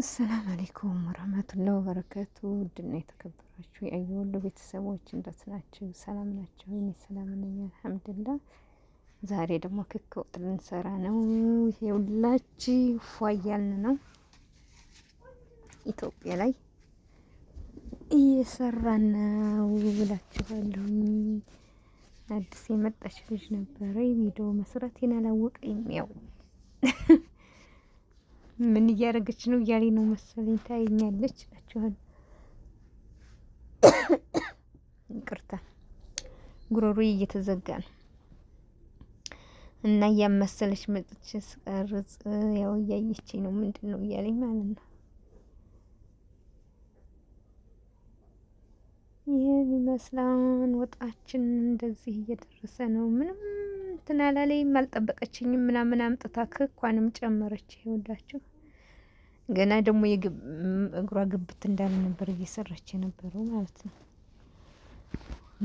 አሰላም አሌይኩም ወረህመቱላህ ወበረከቱ። ውድና የተከበራችሁ የአየወሎ ቤተሰቦች እንደት ናቸው? ሰላም ናቸው? እኔ ሰላም ነኝ አልሐምዱሊላህ። ዛሬ ደግሞ ክክ ወጥ ልንሰራ ነው። ይኸውላችሁ ፏ እያልን ነው። ኢትዮጵያ ላይ እየሰራን ነው ብላችኋለሁኝ። አዲስ የመጣች ልጅ ነበረ ቪዲዮ መስራቴን አላወቀኝም ያው ምን እያደረገች ነው እያሌ ነው መሰለኝ ታየኛለች ላችኋል። ይቅርታ ጉሮሮ እየተዘጋ ነው እና እያመሰለች መጥች ስቀርጽ ያው እያየችኝ ነው ምንድን ነው እያለኝ ማለት ነው። ይህን ይመስላል ወጣችን እንደዚህ እየደረሰ ነው ምንም እንትን አላለኝም አልጠበቀችኝም ምናምን አምጥታ ክኳንም ጨመረች። ይኸውላችሁ ገና ደግሞ እግሯ ግብት እንዳለ ነበር እየሰራች የነበረው ማለት ነው።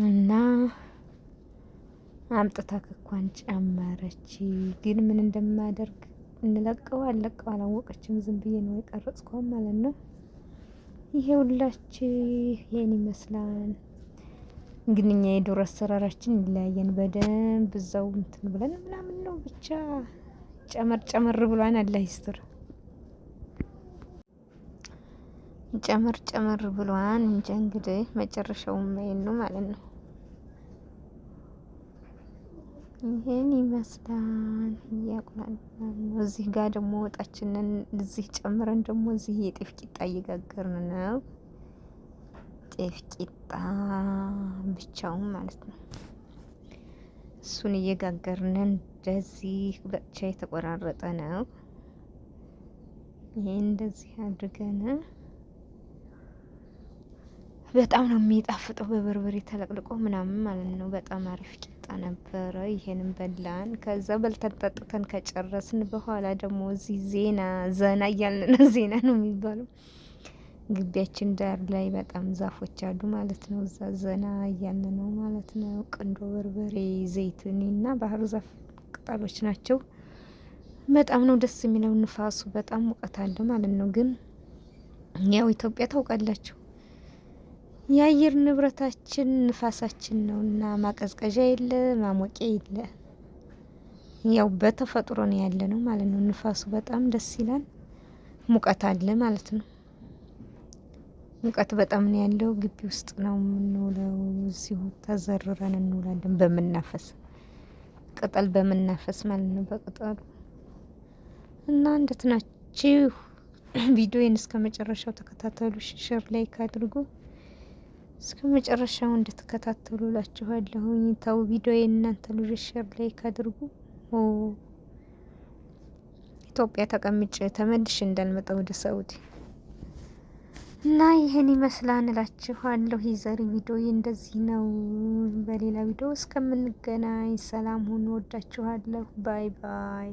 እና አምጥታ ክኳን ጨመረች። ግን ምን እንደማደርግ እንለቀው አለቀው አላወቀችም። ዝም ብዬ ነው የቀረጽኳው ማለት ነው። ይሄውላችሁ ይሄን ይመስላል። ግን እኛ የዶሮ አሰራራችን ይለያየን። በደንብ እዛው እንትን ብለን ምናምን ነው ብቻ ጨመር ጨመር ብሏን አለ ይስጥር ጨመር ጨመር ብሏን እንጂ እንግዲህ መጨረሻው ማየን ነው ማለት ነው። ይሄን ይመስላል ነው እዚህ ጋር ደግሞ ወጣችንን እዚህ ጨምረን ደግሞ እዚህ የጤፍ ቂጣ እየጋገርን ነው። ጤፍ ቂጣ ብቻውን ማለት ነው። እሱን እየጋገርን እንደዚህ ብቻ የተቆራረጠ ነው። ይሄ እንደዚህ አድርገን በጣም ነው የሚጣፍጠው በበርበሬ ተለቅልቆ ምናምን ማለት ነው። በጣም አሪፍ ቂጣ ነበረ። ይሄንን በላን። ከዛ በልተን ጠጥተን ከጨረስን በኋላ ደግሞ እዚህ ዜና ዘና እያልን ዜና ነው የሚባለው ግቢያችን ዳር ላይ በጣም ዛፎች አሉ ማለት ነው። እዛ ዘና እያለ ነው ማለት ነው። ቅንዶ በርበሬ፣ ዘይቱኒ እና ባህር ዛፍ ቅጠሎች ናቸው። በጣም ነው ደስ የሚለው። ንፋሱ በጣም ሙቀት አለ ማለት ነው። ግን ያው ኢትዮጵያ ታውቃላችሁ የአየር ንብረታችን ንፋሳችን ነው እና ማቀዝቀዣ የለ ማሞቂያ የለ፣ ያው በተፈጥሮ ነው ያለ ነው ማለት ነው። ንፋሱ በጣም ደስ ይላል፣ ሙቀት አለ ማለት ነው። ሙቀት በጣም ነው ያለው። ግቢ ውስጥ ነው የምንውለው። እዚሁ ተዘርረን እንውላለን። በምናፈስ ቅጠል በምናፈስ ማለት ነው በቅጠሉ እና እንደት ናችሁ? ቪዲዮዬን እስከ መጨረሻው ተከታተሉ። ሸር ላይክ አድርጉ። እስከ መጨረሻው እንድትከታተሉ ላችኋለሁኝ። ተው ቪዲዮ የእናንተ ልጆች ሸር ላይክ አድርጉ። ኢትዮጵያ ተቀምጬ ተመልሼ እንዳልመጣ ወደ ሳውዲ እና ይህን ይመስላል እላችኋለሁ። የዛሬ ቪዲዮ እንደዚህ ነው። በሌላ ቪዲዮ እስከምንገናኝ ሰላም ሁኑ። ወዳችኋለሁ። ባይ ባይ